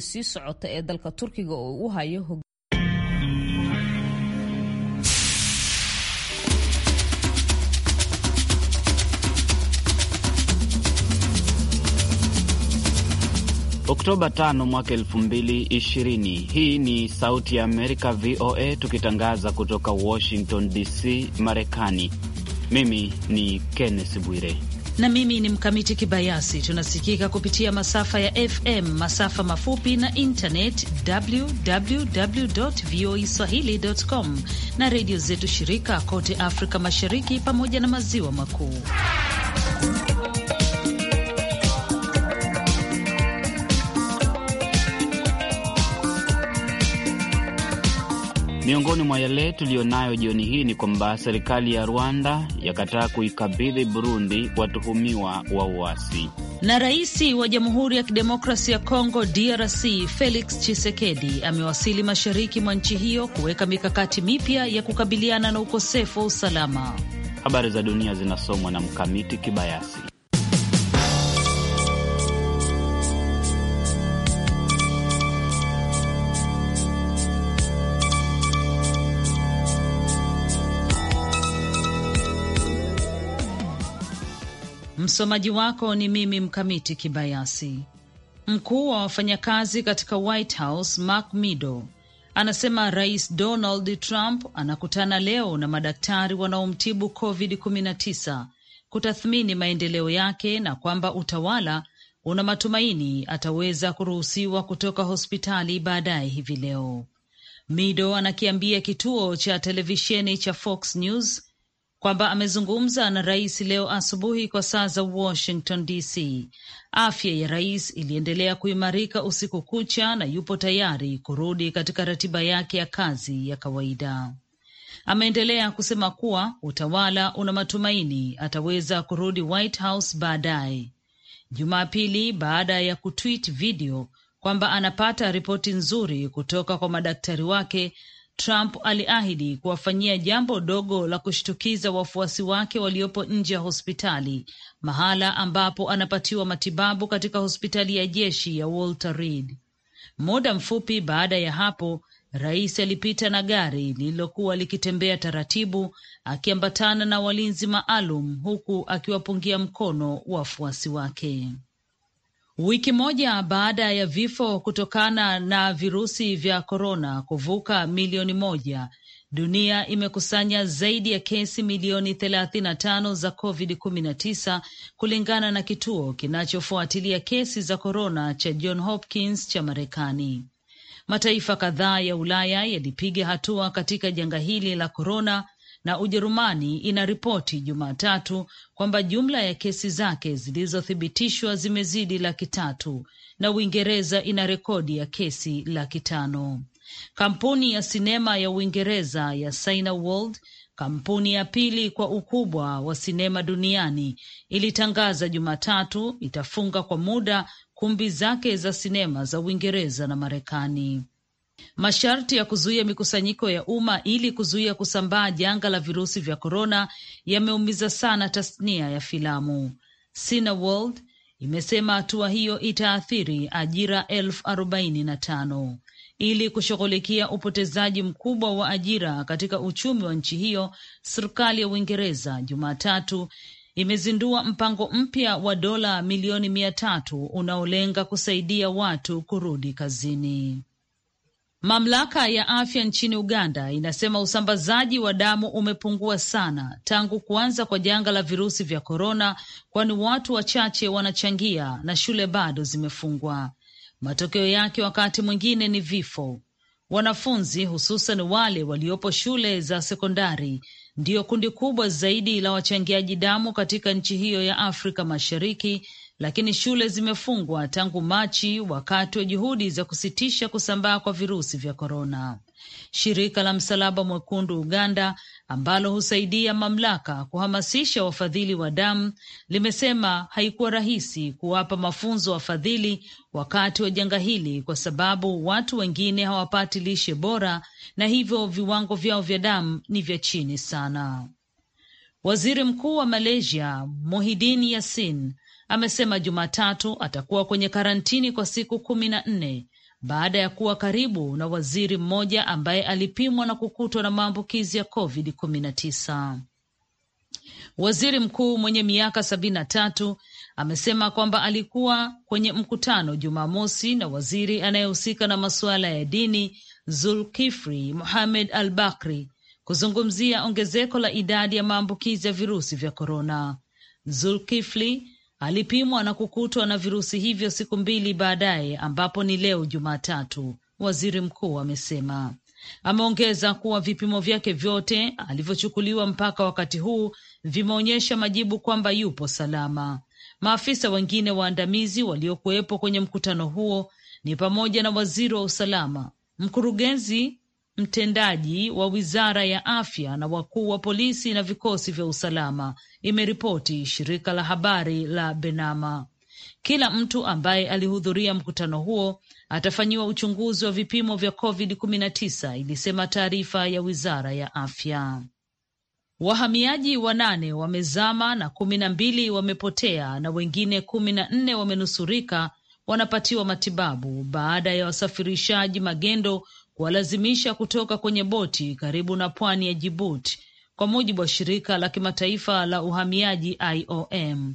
sii socota ee dalka Turkiga oo u hayo Oktoba 5 mwaka 2020. Hii ni Sauti ya Amerika, VOA, tukitangaza kutoka Washington DC, Marekani. Mimi ni Kenneth Bwire na mimi ni Mkamiti Kibayasi. Tunasikika kupitia masafa ya FM, masafa mafupi na internet, www voa swahili.com, na redio zetu shirika kote Afrika Mashariki pamoja na Maziwa Makuu. Miongoni mwa yale tuliyonayo jioni hii ni kwamba serikali ya Rwanda yakataa kuikabidhi Burundi watuhumiwa wa uasi, na rais wa Jamhuri ya Kidemokrasi ya Kongo DRC Felix Tshisekedi amewasili mashariki mwa nchi hiyo kuweka mikakati mipya ya kukabiliana na ukosefu wa usalama. Habari za dunia zinasomwa na Mkamiti Kibayasi. Msomaji wako ni mimi Mkamiti Kibayasi. Mkuu wa wafanyakazi katika White House Mark Meadow anasema Rais Donald Trump anakutana leo na madaktari wanaomtibu COVID-19 kutathmini maendeleo yake na kwamba utawala una matumaini ataweza kuruhusiwa kutoka hospitali baadaye hivi leo. Meadow anakiambia kituo cha televisheni cha Fox News kwamba amezungumza na rais leo asubuhi kwa saa za Washington DC. Afya ya rais iliendelea kuimarika usiku kucha na yupo tayari kurudi katika ratiba yake ya kazi ya kawaida. Ameendelea kusema kuwa utawala una matumaini ataweza kurudi White House baadaye Jumapili baada ya kutwit video kwamba anapata ripoti nzuri kutoka kwa madaktari wake Trump aliahidi kuwafanyia jambo dogo la kushtukiza wafuasi wake waliopo nje ya hospitali, mahala ambapo anapatiwa matibabu katika hospitali ya jeshi ya Walter Reed. Muda mfupi baada ya hapo, rais alipita na gari lililokuwa likitembea taratibu akiambatana na walinzi maalum, huku akiwapungia mkono wafuasi wake. Wiki moja baada ya vifo kutokana na virusi vya korona kuvuka milioni moja, dunia imekusanya zaidi ya kesi milioni 35 za COVID-19 kulingana na kituo kinachofuatilia kesi za korona cha John Hopkins cha Marekani. Mataifa kadhaa ya Ulaya yalipiga hatua katika janga hili la korona na Ujerumani inaripoti Jumatatu kwamba jumla ya kesi zake zilizothibitishwa zimezidi laki tatu na Uingereza ina rekodi ya kesi laki tano. Kampuni ya sinema ya Uingereza ya Cineworld, kampuni ya pili kwa ukubwa wa sinema duniani, ilitangaza Jumatatu itafunga kwa muda kumbi zake za sinema za Uingereza na Marekani. Masharti ya kuzuia mikusanyiko ya umma ili kuzuia kusambaa janga la virusi vya korona yameumiza sana tasnia ya filamu. Cineworld imesema hatua hiyo itaathiri ajira elfu arobaini na tano ili kushughulikia upotezaji mkubwa wa ajira katika uchumi wa nchi hiyo. Serikali ya Uingereza Jumatatu imezindua mpango mpya wa dola milioni mia tatu unaolenga kusaidia watu kurudi kazini. Mamlaka ya afya nchini Uganda inasema usambazaji wa damu umepungua sana tangu kuanza kwa janga la virusi vya korona, kwani watu wachache wanachangia na shule bado zimefungwa. Matokeo yake wakati mwingine ni vifo. Wanafunzi hususan wale waliopo shule za sekondari ndiyo kundi kubwa zaidi la wachangiaji damu katika nchi hiyo ya Afrika Mashariki, lakini shule zimefungwa tangu Machi wakati wa juhudi za kusitisha kusambaa kwa virusi vya korona. Shirika la Msalaba Mwekundu Uganda ambalo husaidia mamlaka kuhamasisha wafadhili wa damu limesema haikuwa rahisi kuwapa mafunzo wafadhili wakati wa janga hili, kwa sababu watu wengine hawapati lishe bora na hivyo viwango vyao vya damu ni vya chini sana. Waziri Mkuu wa Malaysia Muhidin Yasin amesema Jumatatu atakuwa kwenye karantini kwa siku kumi na nne baada ya kuwa karibu na waziri mmoja ambaye alipimwa na kukutwa na maambukizi ya COVID-19. Waziri mkuu mwenye miaka sabini na tatu amesema kwamba alikuwa kwenye mkutano Jumamosi na waziri anayehusika na masuala ya dini Zulkifli muhamed Al Bakri kuzungumzia ongezeko la idadi ya maambukizi ya virusi vya korona. Zulkifli alipimwa na kukutwa na virusi hivyo siku mbili baadaye, ambapo ni leo Jumatatu, waziri mkuu amesema. Ameongeza kuwa vipimo vyake vyote alivyochukuliwa mpaka wakati huu vimeonyesha majibu kwamba yupo salama. Maafisa wengine waandamizi waliokuwepo kwenye mkutano huo ni pamoja na waziri wa usalama, mkurugenzi mtendaji wa wizara ya afya na wakuu wa polisi na vikosi vya usalama, imeripoti shirika la habari la Benama. Kila mtu ambaye alihudhuria mkutano huo atafanyiwa uchunguzi wa vipimo vya COVID-19, ilisema taarifa ya wizara ya afya. Wahamiaji wanane wamezama na kumi na mbili wamepotea na wengine kumi na nne wamenusurika wanapatiwa matibabu baada ya wasafirishaji magendo kuwalazimisha kutoka kwenye boti karibu na pwani ya Jibuti, kwa mujibu wa shirika la kimataifa la uhamiaji IOM.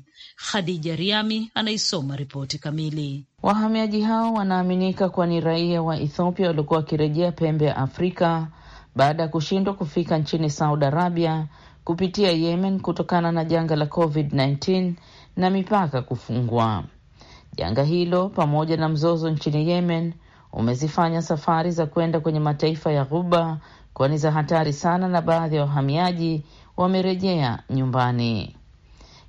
Khadija Riami anaisoma ripoti kamili. Wahamiaji hao wanaaminika kuwa ni raia wa Ethiopia waliokuwa wakirejea pembe ya Afrika baada ya kushindwa kufika nchini Saudi Arabia kupitia Yemen kutokana na janga la COVID-19 na mipaka kufungwa. Janga hilo pamoja na mzozo nchini Yemen umezifanya safari za kwenda kwenye mataifa ya Ghuba kuwa ni za hatari sana, na baadhi ya wahamiaji wamerejea nyumbani.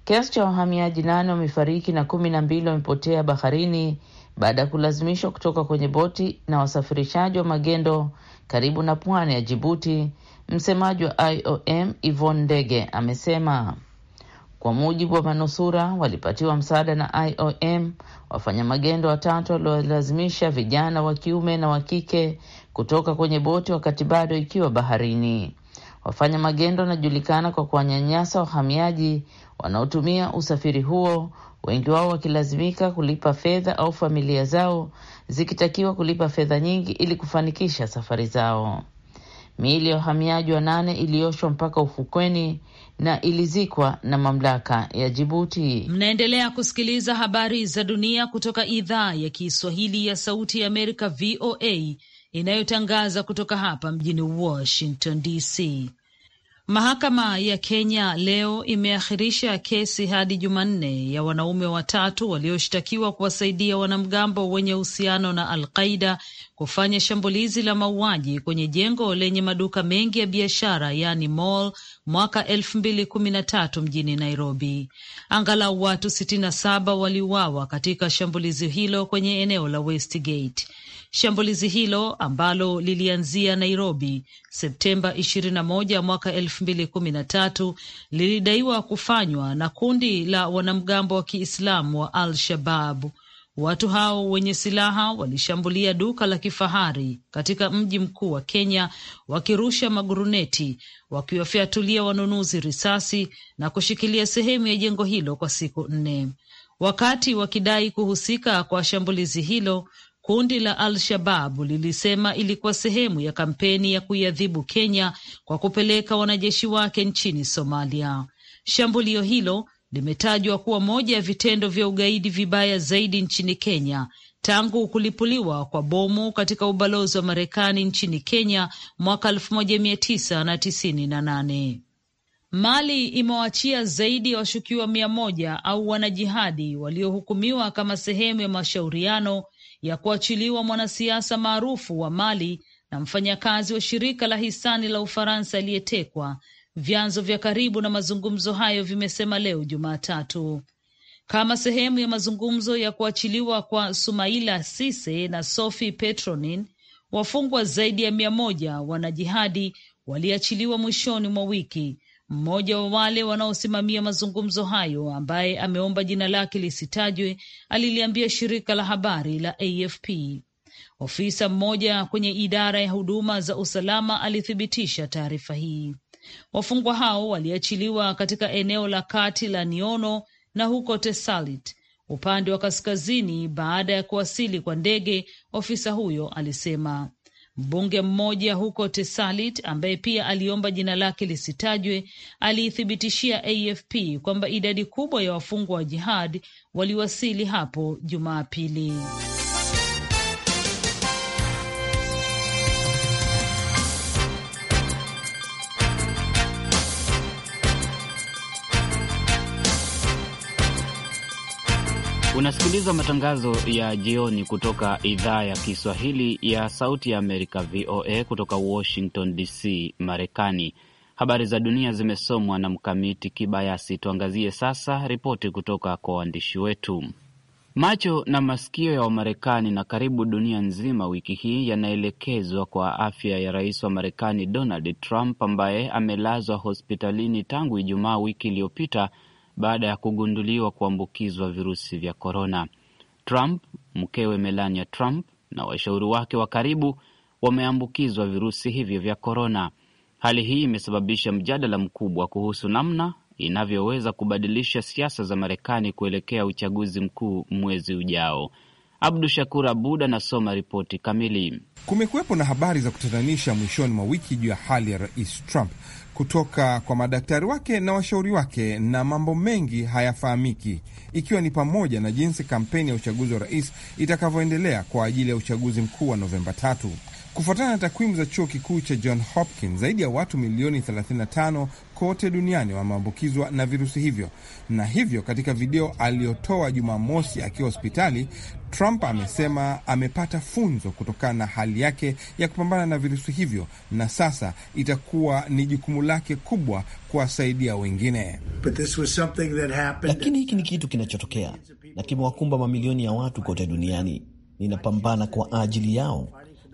Kiasi cha wahamiaji nane wamefariki na kumi na mbili wamepotea baharini baada ya kulazimishwa kutoka kwenye boti na wasafirishaji wa magendo karibu na pwani ya Jibuti. Msemaji wa IOM Yvonne Ndege amesema kwa mujibu wa manusura walipatiwa msaada na IOM, wafanya magendo watatu waliolazimisha vijana wa kiume na wa kike kutoka kwenye boti wakati bado ikiwa baharini. Wafanya magendo wanajulikana kwa kuwanyanyasa wahamiaji wanaotumia usafiri huo, wengi wao wakilazimika kulipa fedha au familia zao zikitakiwa kulipa fedha nyingi ili kufanikisha safari zao. Miili ya wahamiaji nane ilioshwa mpaka ufukweni na ilizikwa na mamlaka ya Jibuti. Mnaendelea kusikiliza habari za dunia kutoka idhaa ya Kiswahili ya Sauti ya Amerika, VOA, inayotangaza kutoka hapa mjini Washington DC. Mahakama ya Kenya leo imeakhirisha kesi hadi Jumanne ya wanaume watatu walioshtakiwa kuwasaidia wanamgambo wenye uhusiano na Alqaida kufanya shambulizi la mauaji kwenye jengo lenye maduka mengi ya biashara yaani mall mwaka elfu mbili kumi na tatu mjini Nairobi. Angalau watu sitini na saba waliuawa katika shambulizi hilo kwenye eneo la Westgate. Shambulizi hilo ambalo lilianzia Nairobi Septemba 21 mwaka tatu lilidaiwa kufanywa na kundi la wanamgambo wa Kiislamu wa Al-Shababu. Watu hao wenye silaha walishambulia duka la kifahari katika mji mkuu wa Kenya, wakirusha maguruneti, wakiwafyatulia wanunuzi risasi na kushikilia sehemu ya jengo hilo kwa siku nne, wakati wakidai kuhusika kwa shambulizi hilo. Kundi la Al-Shababu lilisema ilikuwa sehemu ya kampeni ya kuiadhibu Kenya kwa kupeleka wanajeshi wake nchini Somalia. Shambulio hilo limetajwa kuwa moja ya vitendo vya ugaidi vibaya zaidi nchini Kenya tangu kulipuliwa kwa bomu katika ubalozi wa Marekani nchini Kenya mwaka 1998. Mali imewaachia zaidi ya washukiwa mia moja au wanajihadi waliohukumiwa kama sehemu ya mashauriano ya kuachiliwa mwanasiasa maarufu wa Mali na mfanyakazi wa shirika la hisani la Ufaransa aliyetekwa vyanzo vya karibu na mazungumzo hayo vimesema leo Jumatatu. Kama sehemu ya mazungumzo ya kuachiliwa kwa Sumaila Sise na Sophie Petronin, wafungwa zaidi ya mia moja wanajihadi waliachiliwa mwishoni mwa wiki. Mmoja wa wale wanaosimamia mazungumzo hayo ambaye ameomba jina lake lisitajwe aliliambia shirika la habari la AFP. Ofisa mmoja kwenye idara ya huduma za usalama alithibitisha taarifa hii. Wafungwa hao waliachiliwa katika eneo la kati la Niono na huko Tesalit upande wa kaskazini baada ya kuwasili kwa ndege, ofisa huyo alisema. Mbunge mmoja huko Tesalit ambaye pia aliomba jina lake lisitajwe aliithibitishia AFP kwamba idadi kubwa ya wafungwa wa jihad waliwasili hapo Jumapili. Unasikiliza matangazo ya jioni kutoka idhaa ya Kiswahili ya Sauti ya Amerika, VOA, kutoka Washington DC, Marekani. Habari za dunia zimesomwa na Mkamiti Kibayasi. Tuangazie sasa ripoti kutoka kwa waandishi wetu. Macho na masikio ya Wamarekani na karibu dunia nzima wiki hii yanaelekezwa kwa afya ya rais wa Marekani Donald Trump ambaye amelazwa hospitalini tangu Ijumaa wiki iliyopita baada ya kugunduliwa kuambukizwa virusi vya korona. Trump, mkewe Melania Trump na washauri wake wa karibu wameambukizwa virusi hivyo vya korona. Hali hii imesababisha mjadala mkubwa kuhusu namna inavyoweza kubadilisha siasa za Marekani kuelekea uchaguzi mkuu mwezi ujao. Abdu Shakur Abud anasoma ripoti kamili. Kumekuwepo na habari za kutatanisha mwishoni mwa wiki juu ya hali ya Rais Trump kutoka kwa madaktari wake na washauri wake, na mambo mengi hayafahamiki, ikiwa ni pamoja na jinsi kampeni ya uchaguzi wa rais itakavyoendelea kwa ajili ya uchaguzi mkuu wa Novemba tatu. Kufuatana na takwimu za chuo kikuu cha John Hopkins, zaidi ya watu milioni 35 kote duniani wameambukizwa na virusi hivyo, na hivyo katika video aliyotoa Jumamosi akiwa hospitali, Trump amesema amepata funzo kutokana na hali yake ya kupambana na virusi hivyo, na sasa itakuwa ni jukumu lake kubwa kuwasaidia wengine. Lakini hiki ni kitu kinachotokea na kimewakumba mamilioni ya watu kote duniani. Ninapambana kwa ajili yao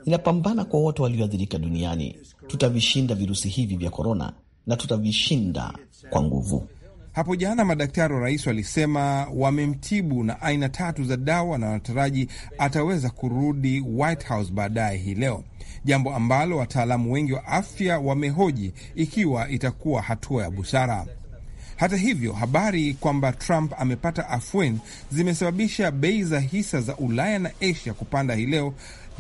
inapambana kwa wote walioathirika duniani. Tutavishinda virusi hivi vya korona na tutavishinda kwa nguvu. Hapo jana madaktari wa rais walisema wamemtibu na aina tatu za dawa na wanataraji ataweza kurudi White House baadaye hii leo, jambo ambalo wataalamu wengi wa afya wamehoji ikiwa itakuwa hatua ya busara. Hata hivyo, habari kwamba Trump amepata afueni zimesababisha bei za hisa za Ulaya na Asia kupanda hii leo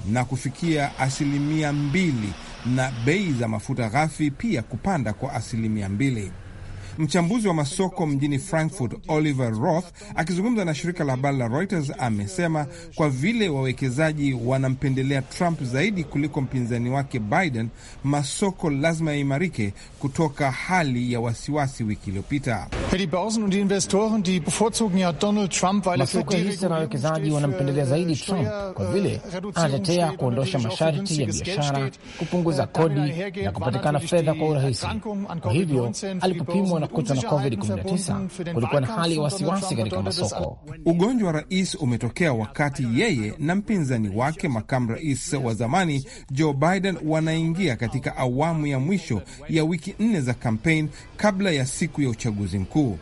na kufikia asilimia mbili na bei za mafuta ghafi pia kupanda kwa asilimia mbili. Mchambuzi wa masoko mjini Frankfurt, Oliver Roth, akizungumza na shirika la habari la Reuters, amesema kwa vile wawekezaji wanampendelea Trump zaidi kuliko mpinzani wake Biden, masoko lazima yaimarike kutoka hali ya wasiwasi wiki iliyopita. Er masoko hisa na wawekezaji wanampendelea zaidi Trump kwa vile äh, anatetea kuondosha masharti ya biashara, kupunguza äh, kodi na kupatikana fedha kwa urahisi. Kwa hivyo alipopimwa na kukutwa na COVID-19, kulikuwa na hali ya wasiwasi katika masoko. Ugonjwa wa rais umetokea wakati yeye na mpinzani wake makamu rais wa zamani Joe Biden wanaingia katika awamu ya mwisho ya wiki nne za kampeni kabla ya siku ya uchaguzi mkuu.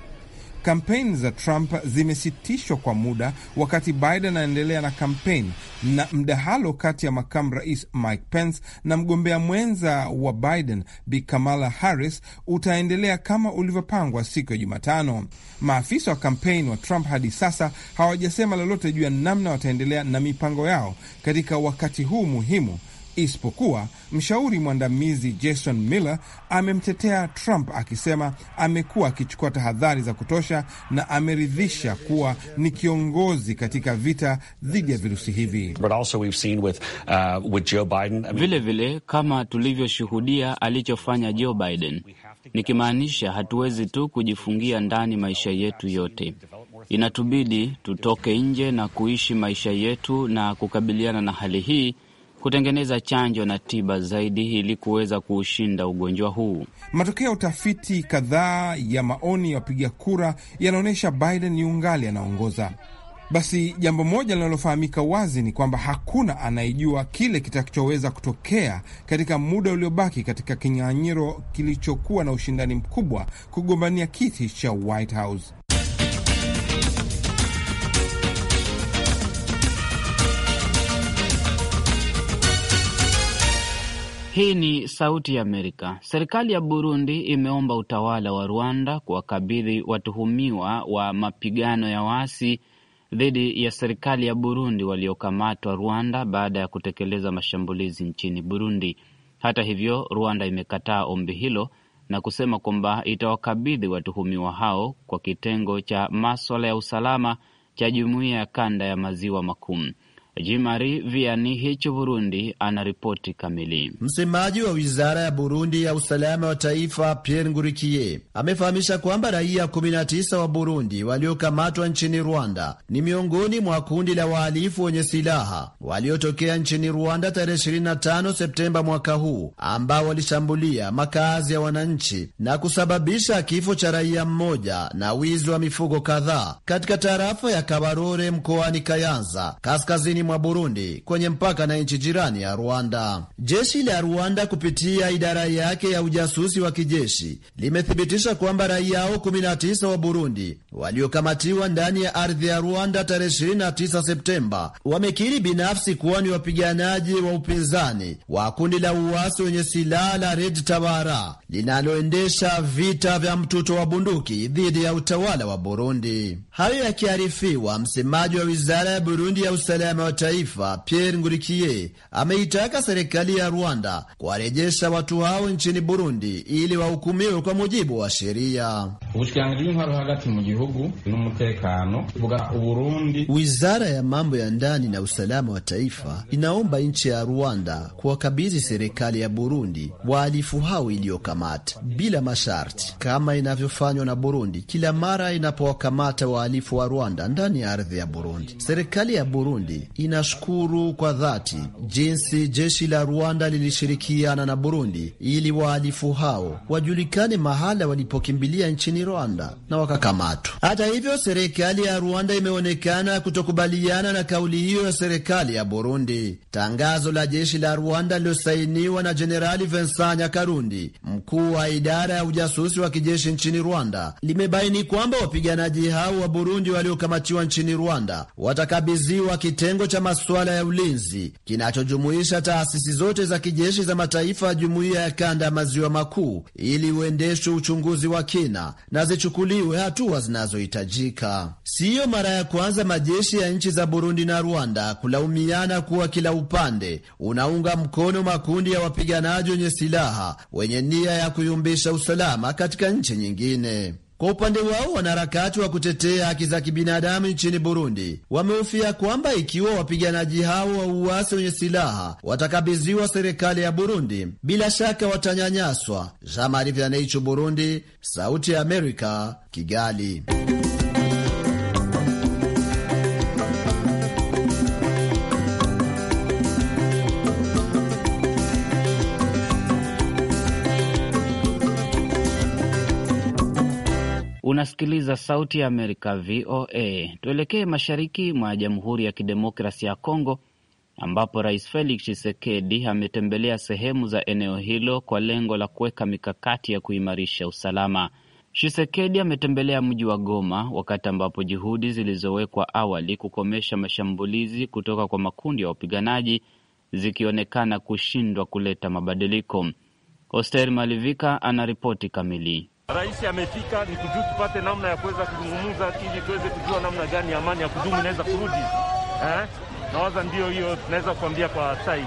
Kampeni za Trump zimesitishwa kwa muda wakati Biden anaendelea na kampeni, na mdahalo kati ya makamu rais Mike Pence na mgombea mwenza wa Biden Bi Kamala Harris utaendelea kama ulivyopangwa siku ya Jumatano. Maafisa wa kampeni wa Trump hadi sasa hawajasema lolote juu ya namna wataendelea na mipango yao katika wakati huu muhimu isipokuwa mshauri mwandamizi Jason Miller amemtetea Trump akisema amekuwa akichukua tahadhari za kutosha na ameridhisha kuwa ni kiongozi katika vita dhidi ya virusi hivi. Vilevile, uh, kama tulivyoshuhudia alichofanya Joe Biden, nikimaanisha hatuwezi tu kujifungia ndani maisha yetu yote inatubidi tutoke nje na kuishi maisha yetu na kukabiliana na hali hii kutengeneza chanjo na tiba zaidi ili kuweza kuushinda ugonjwa huu. Matokeo ya utafiti kadhaa ya maoni ya wapiga kura yanaonyesha Biden yungali anaongoza. Basi jambo moja linalofahamika wazi ni kwamba hakuna anayejua kile kitachoweza kutokea katika muda uliobaki katika kinyang'anyiro kilichokuwa na ushindani mkubwa kugombania kiti cha White House. Hii ni Sauti ya Amerika. Serikali ya Burundi imeomba utawala wa Rwanda kuwakabidhi watuhumiwa wa mapigano ya waasi dhidi ya serikali ya Burundi waliokamatwa Rwanda baada ya kutekeleza mashambulizi nchini Burundi. Hata hivyo, Rwanda imekataa ombi hilo na kusema kwamba itawakabidhi watuhumiwa hao kwa kitengo cha maswala ya usalama cha Jumuiya ya Kanda ya Maziwa Makuu. Jimari Viani hicho Burundi ripoti kamili. Msemaji wa wizara ya Burundi ya usalama wa taifa Pierre Ngurikiye amefahamisha kwamba raia 19 wa Burundi waliokamatwa nchini Rwanda ni miongoni mwa kundi la wahalifu wenye silaha waliotokea nchini Rwanda tarehe 25 Septemba mwaka huu, ambao walishambulia makazi ya wananchi na kusababisha kifo cha raia mmoja na wizi wa mifugo kadhaa katika tarafa ya Kabarore mkoani Kayanza kaskazini mwa Burundi kwenye mpaka na nchi jirani ya Rwanda. Jeshi la Rwanda kupitia idara yake ya ujasusi wa kijeshi limethibitisha kwamba raia hao 19 wa Burundi waliokamatiwa ndani ya ardhi ya Rwanda tarehe 29 Septemba wamekiri binafsi kuwa ni wapiganaji wa upinzani wa kundi la uasi wenye silaha la Red Tabara linaloendesha vita vya mtuto wa bunduki dhidi ya utawala wa Burundi. Hayo yakiarifiwa, msemaji wa wizara ya Burundi ya usalama taifa Pierre Ngurikie ameitaka serikali ya Rwanda kuwarejesha watu hao nchini Burundi ili wahukumiwe kwa mujibu wa sheria. Wizara ya mambo ya ndani na usalama wa taifa inaomba nchi ya Rwanda kuwakabidhi serikali ya Burundi wahalifu hao iliyokamata bila masharti, kama inavyofanywa na Burundi kila mara inapowakamata wahalifu wa Rwanda ndani ya ardhi ya Burundi. Serikali ya Burundi inashukuru kwa dhati jinsi jeshi la Rwanda lilishirikiana na Burundi ili wahalifu hao wajulikane mahala walipokimbilia nchini Rwanda na wakakamatwa. Hata hivyo, serikali ya Rwanda imeonekana kutokubaliana na kauli hiyo ya serikali ya Burundi. Tangazo la jeshi la Rwanda lililosainiwa na Jenerali Vincent Nyakarundi, mkuu wa idara ya ujasusi wa kijeshi nchini Rwanda, limebaini kwamba wapiganaji hao wa Burundi waliokamatiwa nchini Rwanda watakabidhiwa kitengo cha masuala ya ulinzi kinachojumuisha taasisi zote za kijeshi za mataifa ya jumuiya ya kanda ya maziwa makuu ili uendeshwe uchunguzi wa kina na zichukuliwe hatua zinazohitajika. Siyo mara ya kwanza majeshi ya nchi za Burundi na Rwanda kulaumiana kuwa kila upande unaunga mkono makundi ya wapiganaji wenye silaha wenye nia ya kuyumbisha usalama katika nchi nyingine. Kwa upande wao wanaharakati wa kutetea haki za kibinadamu nchini Burundi wamehofia kwamba ikiwa wapiganaji hao wa uasi wenye silaha watakabidhiwa serikali ya Burundi, bila shaka watanyanyaswa. Burundi, Sauti ya Amerika, Kigali. Unasikiliza Sauti ya Amerika, VOA. Tuelekee mashariki mwa Jamhuri ya Kidemokrasi ya Kongo, ambapo Rais Felix Tshisekedi ametembelea sehemu za eneo hilo kwa lengo la kuweka mikakati ya kuimarisha usalama. Tshisekedi ametembelea mji wa Goma wakati ambapo juhudi zilizowekwa awali kukomesha mashambulizi kutoka kwa makundi ya wapiganaji zikionekana kushindwa kuleta mabadiliko. Oster Malivika anaripoti kamili. Rais amefika ni kujua tupate namna ya kuweza kuzungumza ili tuweze kujua namna gani amani ya kudumu inaweza kurudi eh? Nawaza ndio hiyo tunaweza kuambia kwa sasa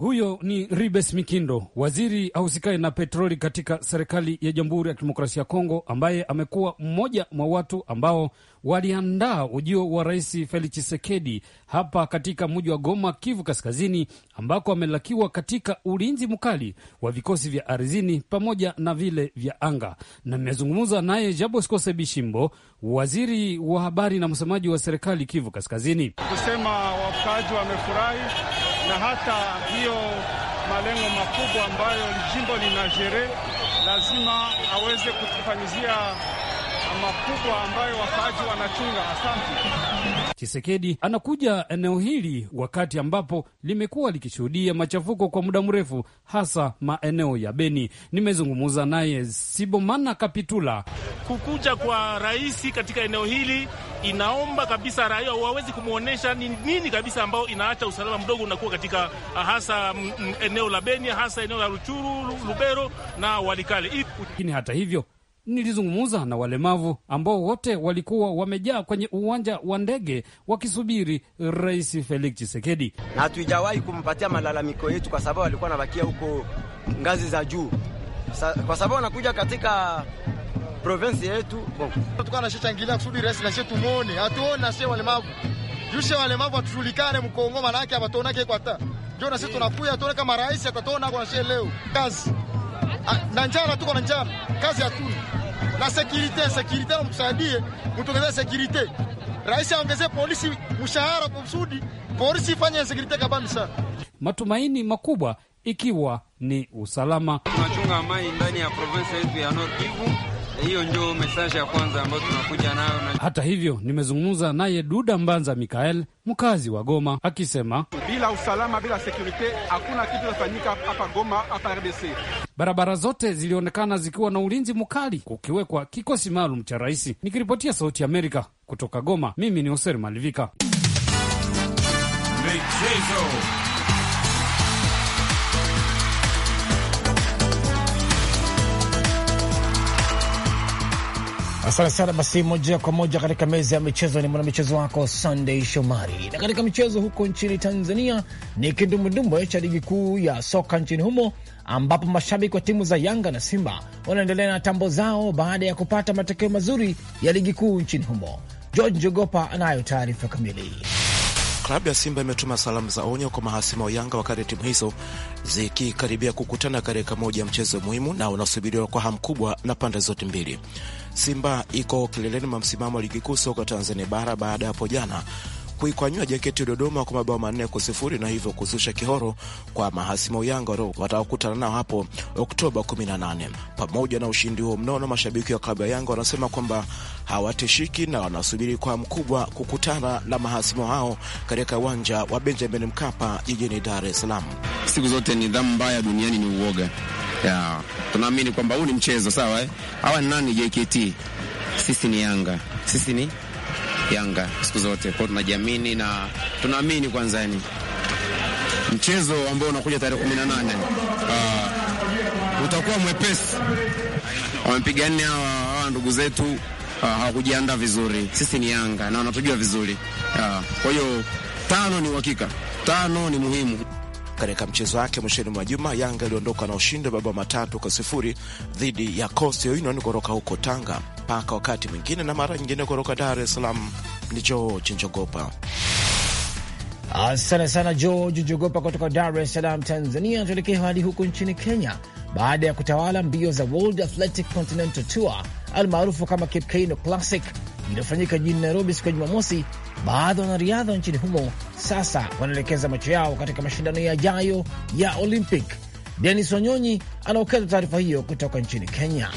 huyo ni Ribes Mikindo, waziri ahusikaye na petroli katika serikali ya Jamhuri ya Kidemokrasia ya Kongo, ambaye amekuwa mmoja mwa watu ambao waliandaa ujio wa Rais Felix Tshisekedi hapa katika mji wa Goma, Kivu Kaskazini, ambako amelakiwa katika ulinzi mkali wa vikosi vya ardhini pamoja na vile vya anga. Na nimezungumza naye Jabos Kose Bishimbo, waziri wa habari na msemaji wa serikali Kivu Kaskazini, kusema wafikaji wamefurahi na hata hiyo malengo makubwa ambayo jimbo lina lazima aweze kutufanyizia makubwa ambayo wakaaji wanachunga. Asante. Chisekedi anakuja eneo hili wakati ambapo limekuwa likishuhudia machafuko kwa muda mrefu, hasa maeneo ya Beni. Nimezungumza naye Sibomana Kapitula. Kukuja kwa rais katika eneo hili inaomba kabisa raia wawezi kumwonyesha ni nini kabisa ambao inaacha usalama mdogo unakuwa katika ah, hasa mm, mm, eneo la Beni, hasa eneo la Ruchuru, Lubero na Walikale. Lakini hata hivyo nilizungumza na walemavu ambao wote walikuwa wamejaa kwenye uwanja wa ndege wakisubiri Rais Felix Tshisekedi, na hatujawahi kumpatia malalamiko yetu kwa sababu walikuwa wanabakia huko ngazi za juu, kwa sababu wanakuja katika provensi yetu bon. nashechangilia kusudi rais nashe tumwone, hatuone nashe walemavu jushe walemavu atujulikane mkongo manake avatonake kwata njo nasi mm. tunakuya tuone kama rais atatoona kwa nashe leo kazi na njala tuko na njala kazi hatuna na sekirite. Sekirite namsaidie mtuongezee sekirite, raisi aongezee polisi mshahara kusudi polisi ifanye sekirite kabamisa. Matumaini makubwa ikiwa ni usalama, tunachunga amani ndani ya provinsi yetu ya Nord Kivu. Hiyo ndio mesaje ya kwanza ambayo tunakuja nayo na... Hata hivyo nimezungumza naye Duda Mbanza Mikael, mkazi wa Goma, akisema bila usalama, bila sekurite hakuna kitu kitafanyika hapa Goma, hapa RDC barabara zote zilionekana zikiwa na ulinzi mkali, kukiwekwa kikosi maalum cha rais. Nikiripotia Sauti Amerika kutoka Goma, mimi ni Hoseri Malivika. Michezo. Asante sana. Basi moja kwa moja katika meza ya michezo ni mwanamichezo wako Sunday Shomari. Na katika michezo huko nchini Tanzania, ni kindumbwendumbwe cha ligi kuu ya soka nchini humo ambapo mashabiki wa timu za Yanga na Simba wanaendelea na tambo zao baada ya kupata matokeo mazuri ya ligi kuu nchini humo. George Njogopa anayo taarifa kamili. Klabu ya Simba imetuma salamu za onyo kwa mahasima wa Yanga wakati timu hizo zikikaribia kukutana katika moja ya mchezo muhimu na unasubiriwa kwa hamu kubwa na pande zote mbili. Simba iko kileleni mwa msimamo wa ligi kuu soka Tanzania bara baada ya hapo jana kuikwanyua jeketi Dodoma kwa mabao manne kwa sifuri na hivyo kuzusha kihoro kwa mahasimu Yanga wataokutana nao hapo Oktoba 18. Pamoja na ushindi huo mnono, mashabiki wa klabu ya Yanga wanasema kwamba hawatishiki na wanasubiri kwa mkubwa kukutana na mahasimu hao katika uwanja wa Benjamin Mkapa jijini Dar es Salaam. Siku zote nidhamu mbaya duniani ni uoga. Tunaamini kwamba huu ni mchezo sawa, eh? Hawa ni nani? JKT. Sisi ni Yanga, sisi ni Yanga siku zote kwao, tunajiamini na tunaamini kwanza, yani mchezo ambao unakuja tarehe 18 uh, utakuwa mwepesi. Wamepiga nne hawa ndugu zetu uh, hawakujiandaa uh, vizuri. Sisi ni Yanga na wanatujua vizuri uh, kwa hiyo tano ni uhakika, tano ni muhimu. Katika mchezo wake mwishoni mwa juma Yanga iliondoka na ushindi wa mabao matatu kwa sifuri dhidi ya Coastal Union kutoka huko Tanga mpaka wakati mwingine na mara nyingine. Kutoka Dar es Salaam ni George Njogopa. Asante sana George Njogopa kutoka Dar es Salaam, Tanzania. Tuelekee hadi huko nchini Kenya baada ya kutawala mbio za World Athletic Continental Tour almaarufu kama Kipkeino Classic iliyofanyika jijini Nairobi siku ya Jumamosi, baadhi wanariadha nchini humo sasa wanaelekeza macho yao katika mashindano yajayo ya Olympic. Denis Wanyonyi anaokeza taarifa hiyo kutoka nchini Kenya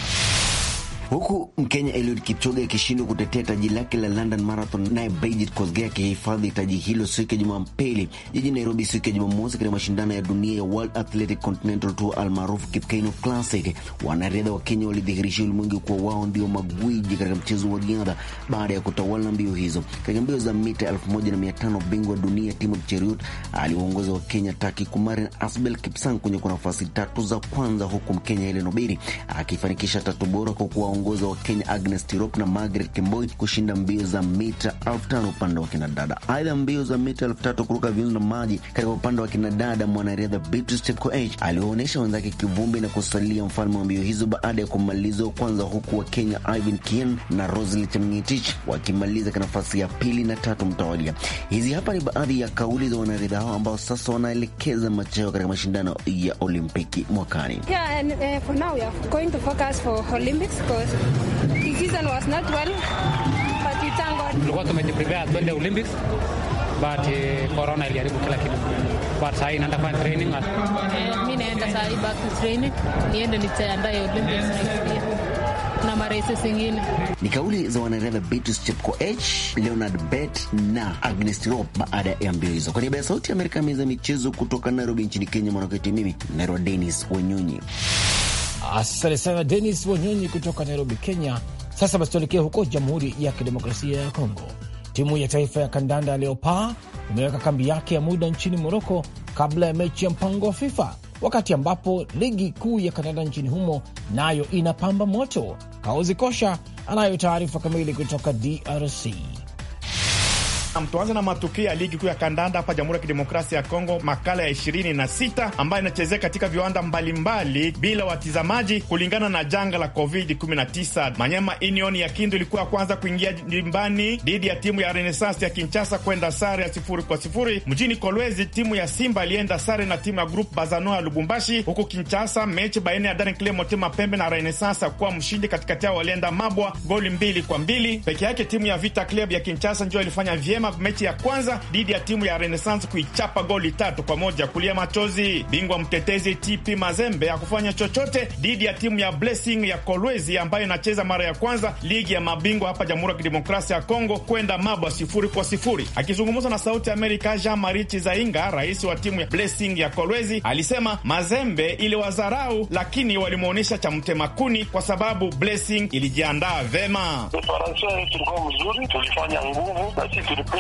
huku Mkenya Eliud Kipchoge akishindwa kutetea taji lake la London Marathon, naye Brigid Kosgei akihifadhi taji hilo siku ya Jumapili jijini Nairobi, siku ya Jumamosi katika mashindano ya dunia ya World Athletic Continental Tour almaarufu Kipkeino Classic. Wanariadha wa Kenya walidhihirisha ulimwengu kuwa wao ndio magwiji katika mchezo wa riadha baada ya kutawala mbio hizo. Katika mbio za mita 1500 bingwa dunia Timothy Cheruiyot aliongoza wa Kenya Taki Kumari na Asbel Kipsang kwenye kwa nafasi tatu za kwanza, huku Mkenya Helen Obiri akifanikisha tatu bora kwa kuwa wanaongoza wa Kenya Agnes Tirop na Margaret Kemboi kushinda mbio za mita elfu tano upande wa kinadada. Aidha, mbio za mita elfu tatu kuruka viunzi na maji katika upande wa kinadada, mwanariadha Beatrice Chekoech aliwaonyesha wenzake kivumbi na kusalia mfalme wa mbio hizo baada ya kumaliza kwanza, huku wa Kenya Ivan Kien na Rosli Chemnitich wakimaliza kwa nafasi ya pili na tatu mtawalia. Hizi hapa ni baadhi ya kauli za wanariadha hao ambao sasa wanaelekeza macho yao katika mashindano ya Olimpiki mwakani. Yeah, and, uh, for now, season was not well, but we thank God. Tulikuwa tumejiprepare twende Olympics but eh, corona iliharibu kila kitu. But kwa training. Mimi naenda back to training. Niende nitaandae Olympics. Na zingine. Ni kauli za wanariadha Beatrice Chepkoech, Leonard Bet na Agnes Tirop baada ya mbio hizo. Kwa niaba ya Sauti ya Amerika, meza michezo kutoka Nairobi nchini Kenya, mwanaketi mimi Nairwa denis Wanyonyi. Ah, Asante sana Denis Wanyonyi kutoka Nairobi, Kenya. Sasa basi tuelekee huko Jamhuri ya Kidemokrasia ya Kongo. Timu ya taifa ya kandanda ya imeweka kambi yake ya muda nchini Moroko kabla ya mechi ya mpango wa FIFA, wakati ambapo ligi kuu ya kandanda nchini humo nayo inapamba moto. Kaozi Kosha anayo taarifa kamili kutoka DRC. Tuanze na matukio ya ligi kuu ya kandanda hapa Jamhuri ya Kidemokrasia ya Kongo, makala ya 26 ambayo inachezea katika viwanda mbalimbali bila watizamaji kulingana na janga la COVID-19. Manyema Union ya Kindu ilikuwa ya kwanza kuingia nyumbani dhidi ya timu ya Renaissance ya Kinshasa kwenda sare ya sifuri kwa sifuri. Mjini Kolwezi timu ya Simba ilienda sare na timu ya Group Bazano ya Lubumbashi, huku Kinshasa mechi baina ya Daring Club Motema Pembe na Renaissance kuwa mshindi katikati yao, walienda mabwa goli mbili kwa mbili peke yake. Timu ya Vita Club ya Kinshasa ndio ilifanya vyema mapema mechi ya kwanza dhidi ya timu ya Renaissance kuichapa goli tatu kwa moja kulia machozi. Bingwa mtetezi TP Mazembe hakufanya chochote dhidi ya timu ya Blessing ya Kolwezi ambayo inacheza mara ya kwanza ligi ya mabingwa hapa Jamhuri ya Kidemokrasia ya Kongo kwenda mabwa sifuri kwa sifuri. Akizungumza na Sauti ya Amerika, Jean marie chizainga rais wa timu ya Blessing ya Kolwezi, alisema Mazembe ili wazarau lakini walimwonyesha cha mtema kuni kwa sababu Blessing ilijiandaa vema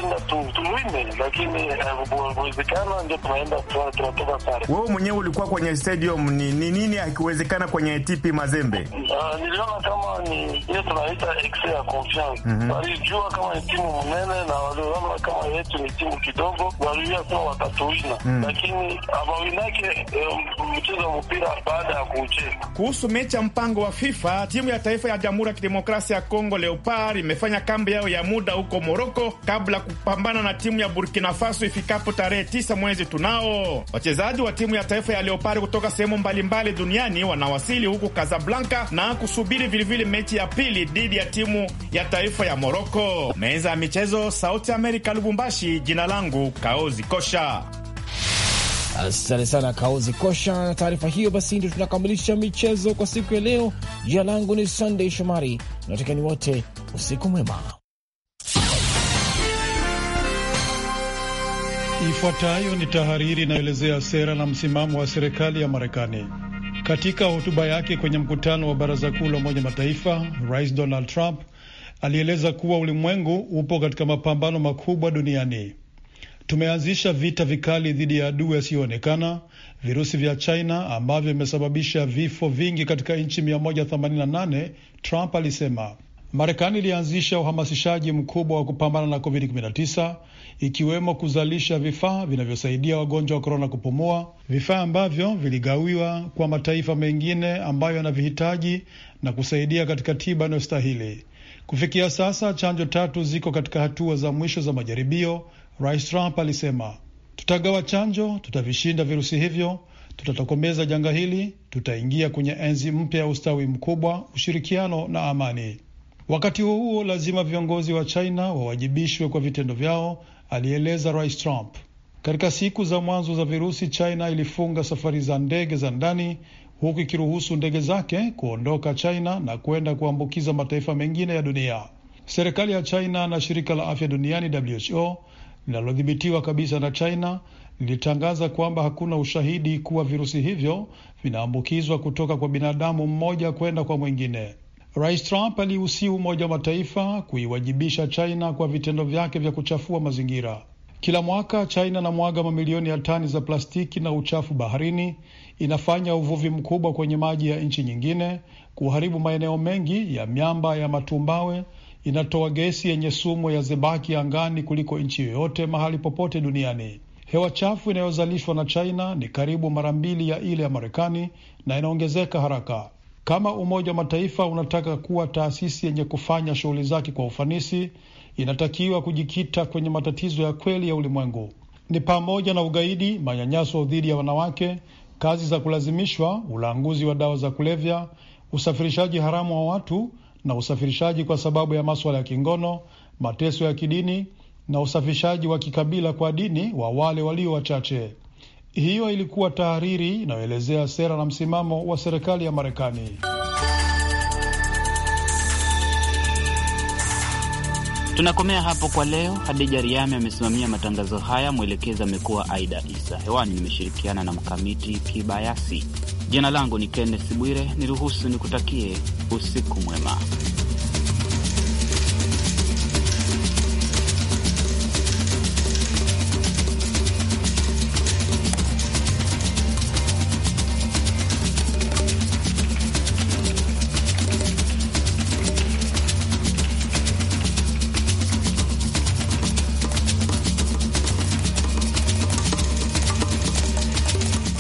tunapenda tulime, lakini kuwezekana eh, ndio tunaenda tunatoka sare. Wewe mwenyewe ulikuwa kwenye stadium, ni nini akiwezekana kwenye TP Mazembe? Ah, niliona kama ni ile tunaita excess ya confiance, mhm. walijua kama ni timu mnene na waliona kama yetu ni timu kidogo, walijua kuwa mhm. lakini hawawinake eh, mchezo wa mpira baada ya kuucheza. Kuhusu mechi ya mpango wa FIFA, timu ya taifa ya Jamhuri ya Kidemokrasia ya Kongo Leopard imefanya kambi yao ya muda huko Moroko kabla kupambana na timu ya Burkina Faso ifikapo tarehe tisa mwezi tunao. Wachezaji wa timu ya taifa ya Leopari kutoka sehemu mbalimbali duniani wanawasili huku kazablanka na kusubiri vilevile mechi ya pili dhidi ya timu ya taifa ya Moroko. Meza ya michezo, Sauti Amerika, Lubumbashi. Jina langu Kaozi Kosha. Asante sana Kaozi Kosha na taarifa hiyo. Basi ndio tunakamilisha michezo kwa siku ya leo. Jina langu ni Sunday Shomari, natakieni wote usiku mwema. Ifuatayo ni tahariri inayoelezea sera na msimamo wa serikali ya Marekani. Katika hotuba yake kwenye mkutano wa Baraza Kuu la Umoja Mataifa, Rais Donald Trump alieleza kuwa ulimwengu upo katika mapambano makubwa duniani. Tumeanzisha vita vikali dhidi ya adui asiyoonekana, virusi vya China ambavyo vimesababisha vifo vingi katika nchi 188, Trump alisema. Marekani ilianzisha uhamasishaji mkubwa wa kupambana na COVID-19 ikiwemo kuzalisha vifaa vinavyosaidia wagonjwa wa korona kupumua, vifaa ambavyo viligawiwa kwa mataifa mengine ambayo yanavihitaji na kusaidia katika tiba inayostahili. Kufikia sasa chanjo tatu ziko katika hatua za mwisho za majaribio. Rais Trump alisema, tutagawa chanjo, tutavishinda virusi hivyo, tutatokomeza janga hili, tutaingia kwenye enzi mpya ya ustawi mkubwa, ushirikiano na amani. Wakati huo huo, lazima viongozi wa China wawajibishwe kwa vitendo vyao, alieleza Rais Trump. Katika siku za mwanzo za virusi, China ilifunga safari za ndege za ndani huku ikiruhusu ndege zake kuondoka China na kwenda kuambukiza mataifa mengine ya dunia. Serikali ya China na shirika la afya duniani WHO linalodhibitiwa kabisa na China lilitangaza kwamba hakuna ushahidi kuwa virusi hivyo vinaambukizwa kutoka kwa binadamu mmoja kwenda kwa mwingine. Rais Trump aliusihi Umoja wa Mataifa kuiwajibisha China kwa vitendo vyake vya kuchafua mazingira. Kila mwaka China mwaga mamilioni ya tani za plastiki na uchafu baharini, inafanya uvuvi mkubwa kwenye maji ya nchi nyingine, kuharibu maeneo mengi ya miamba ya matumbawe, inatoa gesi yenye sumu ya zebaki angani kuliko nchi yoyote mahali popote duniani. Hewa chafu inayozalishwa na China ni karibu mara mbili ya ile ya Marekani na inaongezeka haraka. Kama Umoja wa Mataifa unataka kuwa taasisi yenye kufanya shughuli zake kwa ufanisi, inatakiwa kujikita kwenye matatizo ya kweli ya ulimwengu, ni pamoja na ugaidi, manyanyaso dhidi ya wanawake, kazi za kulazimishwa, ulanguzi wa dawa za kulevya, usafirishaji haramu wa watu na usafirishaji kwa sababu ya maswala ya kingono, mateso ya kidini na usafirishaji wa kikabila kwa dini wa wale walio wachache. Hiyo ilikuwa tahariri inayoelezea sera na msimamo wa serikali ya Marekani. Tunakomea hapo kwa leo. Hadija Riami amesimamia matangazo haya, mwelekezi amekuwa Aida Isa. Hewani nimeshirikiana na Mkamiti Kibayasi. Jina langu ni Kenneth Bwire, niruhusu nikutakie usiku mwema.